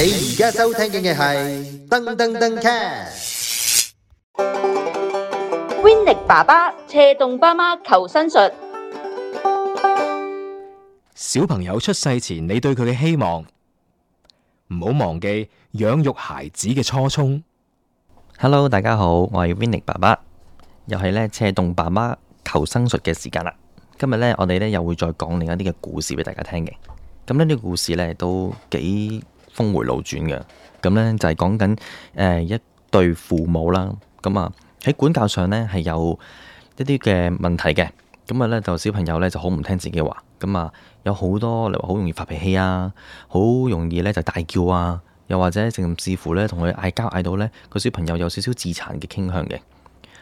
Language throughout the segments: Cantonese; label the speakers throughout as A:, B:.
A: 你而家收聽嘅係《噔噔噔 Cat》，Winnie 爸爸斜棟爸媽求生術。小朋友出世前，你對佢嘅希望，唔好忘記養育孩子嘅初衷。Hello，大家好，我係 Winnie 爸爸，又係呢斜棟爸媽求生術嘅時間啦。今日呢，我哋呢又會再講另一啲嘅故事俾大家聽嘅。咁呢啲故事呢都幾～峰回路轉嘅，咁呢就係講緊誒一對父母啦。咁啊喺管教上呢係有一啲嘅問題嘅。咁啊呢就小朋友呢就好唔聽自己話，咁啊有好多例如話好容易發脾氣啊，好容易呢就大叫啊，又或者甚至乎呢同佢嗌交嗌到呢個小朋友有少少自殘嘅傾向嘅。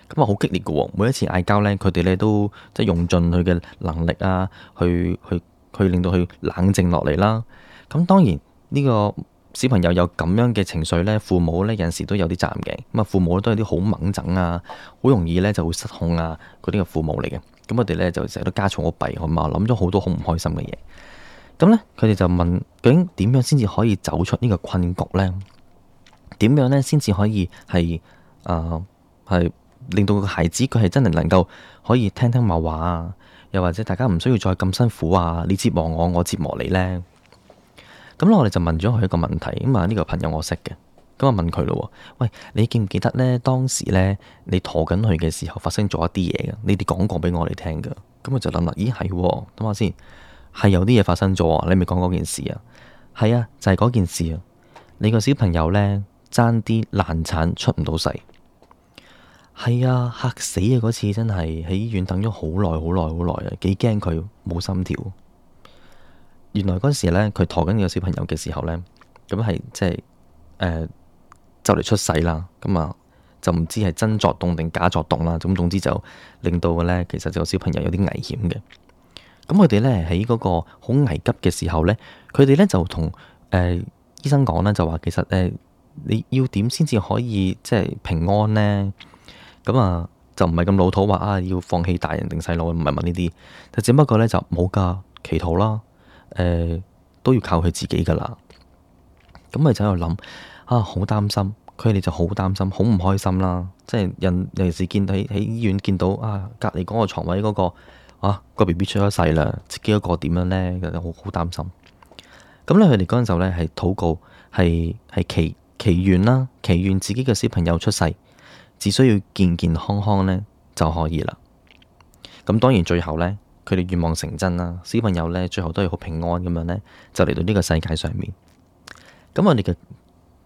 A: 咁啊好激烈嘅喎，每一次嗌交呢，佢哋呢都即係用盡佢嘅能力啊，去去去令到佢冷靜落嚟啦。咁當然。呢個小朋友有咁樣嘅情緒呢，父母呢有陣時都有啲責任嘅。咁啊，父母都有啲好掹憎啊，好容易呢就會失控啊，嗰啲嘅父母嚟嘅。咁我哋呢就成日都加重我弊，我咪諗咗好多好唔開心嘅嘢。咁呢佢哋就問，「究竟點樣先至可以走出呢個困局呢？點樣呢？先至可以係誒係令到個孩子佢係真係能夠可以聽聽話話啊？又或者大家唔需要再咁辛苦啊？你折磨我，我折磨你呢？」咁我哋就問咗佢一個問題，咁啊呢個朋友我識嘅，咁啊問佢咯，喂，你記唔記得呢？當時呢，你陀緊佢嘅時候，等等發生咗一啲嘢嘅，你哋講過俾我哋聽噶。咁我就諗啦，咦係，等下先，係有啲嘢發生咗啊，你咪講嗰件事啊，係啊，就係嗰件事啊，你個小朋友呢，爭啲難產出唔到世，係啊，嚇死啊！嗰次真係喺醫院等咗好耐好耐好耐啊，幾驚佢冇心跳。原來嗰時咧，佢陀緊呢個小朋友嘅時候咧，咁係即係誒、呃呃嗯、就嚟出世啦。咁啊就唔知係真作動定假作動啦。咁總之就令到嘅咧，其實就小朋友有啲危險嘅。咁佢哋咧，喺嗰個好危急嘅時候咧，佢哋咧就同誒、呃、醫生講咧，就話其實誒、呃、你要點先至可以即係平安咧？咁、嗯、啊、嗯、就唔係咁老土話啊，要放棄大人定細路，唔係問呢啲，就只不過咧就冇㗎，祈禱啦。呃、都要靠佢自己噶啦。咁咪就喺度諗啊，好擔心佢哋，就好擔心，好唔開心啦。即係人尤其是見喺喺醫院見到啊，隔籬嗰個床位嗰，嗰個啊個 B B 出咗世啦，自己一個點樣咧？其實好好擔心。咁咧，佢哋嗰陣時候咧係禱告，係係祈祈願啦，祈願自己嘅小朋友出世，只需要健健康康咧就可以啦。咁當然最後咧。佢哋願望成真啦，小朋友咧，最後都係好平安咁樣咧，就嚟到呢個世界上面。咁我哋嘅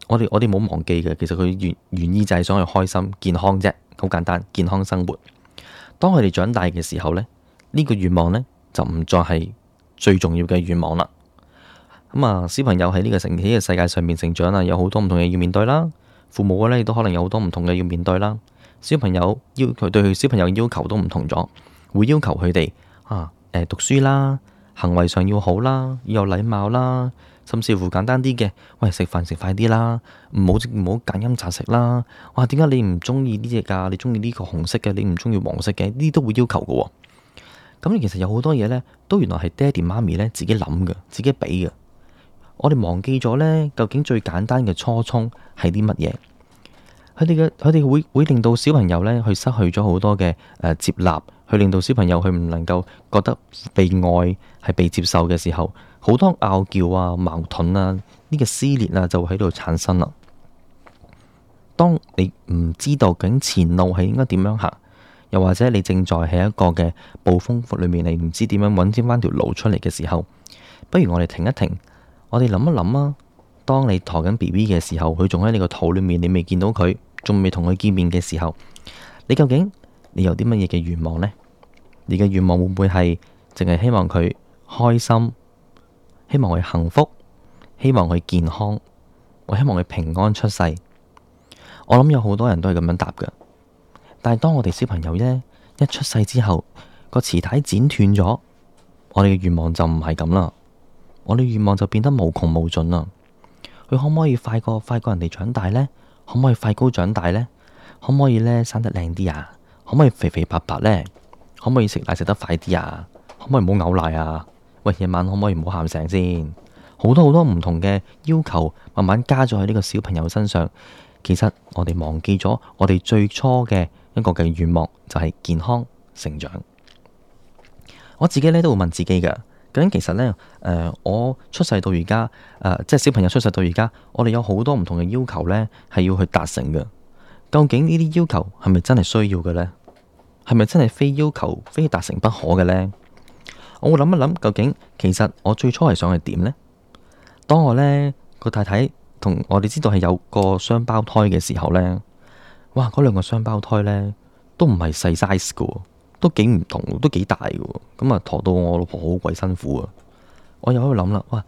A: 我哋我哋冇忘記嘅，其實佢願願意就係想佢開心健康啫，好簡單健康生活。當佢哋長大嘅時候咧，呢個願望咧就唔再係最重要嘅願望啦。咁啊，小朋友喺呢個成呢嘅世界上面成長啊，有好多唔同嘅要面對啦。父母咧亦都可能有好多唔同嘅要面對啦。小朋友要求對小朋友嘅要求都唔同咗，會要求佢哋。啊！誒，讀書啦，行為上要好啦，要有禮貌啦，甚至乎簡單啲嘅，喂，食飯食快啲啦，唔好唔好揀飲擇食啦。哇，點解你唔中意呢隻噶？你中意呢個紅色嘅，你唔中意黃色嘅，呢啲都會要求噶、哦。咁、嗯、其實有好多嘢呢，都原來係爹哋媽咪呢自己諗嘅，自己俾嘅。我哋忘記咗呢，究竟最簡單嘅初衷係啲乜嘢？佢哋嘅，佢哋會會令到小朋友咧去失去咗好多嘅誒接納，去令到小朋友佢唔能夠覺得被愛係被接受嘅時候，好多拗撬啊、矛盾啊、呢個撕裂啊就會喺度產生啦。當你唔知道緊前路係應該點樣行，又或者你正在喺一個嘅暴風覆裏面，你唔知點樣揾翻條路出嚟嘅時候，不如我哋停一停，我哋諗一諗啊。當你陀緊 B B 嘅時候，佢仲喺你個肚裏面，你未見到佢。仲未同佢見面嘅時候，你究竟你有啲乜嘢嘅願望呢？你嘅願望會唔會係淨係希望佢開心，希望佢幸福，希望佢健康，我希望佢平安出世。我諗有好多人都係咁樣答嘅。但係當我哋小朋友呢，一出世之後，個臍帶剪斷咗，我哋嘅願望就唔係咁啦。我哋嘅願望就變得無窮無盡啦。佢可唔可以快過快過人哋長大呢？可唔可以快高長大呢？可唔可以呢生得靚啲啊？可唔可以肥肥白白呢？可唔可以食奶食得快啲啊？可唔可以唔好嘔奶啊？喂，夜晚可唔可以唔好喊醒先？好多好多唔同嘅要求，慢慢加咗喺呢個小朋友身上。其實我哋忘記咗我哋最初嘅一個嘅願望，就係健康成長。我自己呢都會問自己㗎。究竟其實咧，誒、呃，我出世到而家，誒、呃，即係小朋友出世到而家，我哋有好多唔同嘅要求咧，係要去達成嘅。究竟呢啲要求係咪真係需要嘅咧？係咪真係非要求、非達成不可嘅咧？我會諗一諗，究竟其實我最初係想係點咧？當我咧、個太太同我哋知道係有個雙胞胎嘅時候咧，哇，嗰兩個雙胞胎咧都唔係細 size 噶。都幾唔同，都幾大嘅，咁啊陀到我老婆好鬼辛苦啊！我又喺度諗啦，哇，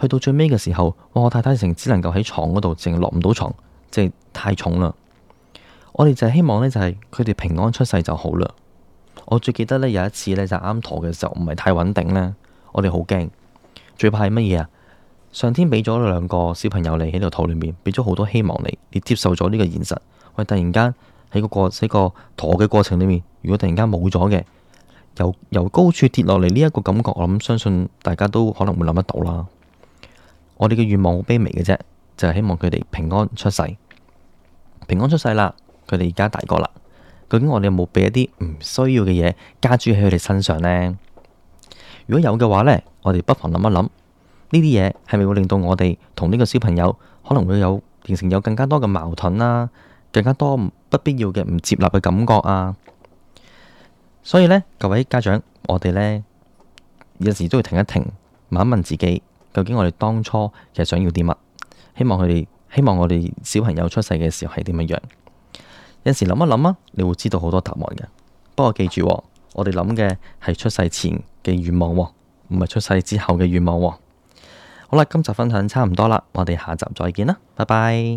A: 去到最尾嘅時候，我太太成只能夠喺床嗰度，淨係落唔到床，即係太重啦。我哋就係希望呢，就係佢哋平安出世就好啦。我最記得呢，有一次呢，就啱陀嘅時候，唔係太穩定呢。我哋好驚，最怕係乜嘢啊？上天俾咗兩個小朋友嚟喺度肚裡面，俾咗好多希望你，你接受咗呢個現實，我哋突然間。喺個過、呢個陀嘅過程裏面，如果突然間冇咗嘅，由由高處跌落嚟，呢一個感覺，我諗相信大家都可能會諗得到啦。我哋嘅願望好卑微嘅啫，就係、是、希望佢哋平安出世。平安出世啦，佢哋而家大個啦。究竟我哋有冇俾一啲唔需要嘅嘢加諸喺佢哋身上呢？如果有嘅話呢，我哋不妨諗一諗呢啲嘢係咪會令到我哋同呢個小朋友可能會有形成有更加多嘅矛盾啦、啊，更加多。不必要嘅唔接納嘅感覺啊，所以呢，各位家長，我哋呢，有陣時都要停一停，問一問自己，究竟我哋當初其實想要啲乜？希望佢哋，希望我哋小朋友出世嘅時候係點樣樣？有陣時諗一諗啊，你會知道好多答案嘅。不過記住，我哋諗嘅係出世前嘅願望，唔係出世之後嘅願望。好啦，今集分享差唔多啦，我哋下集再見啦，拜拜。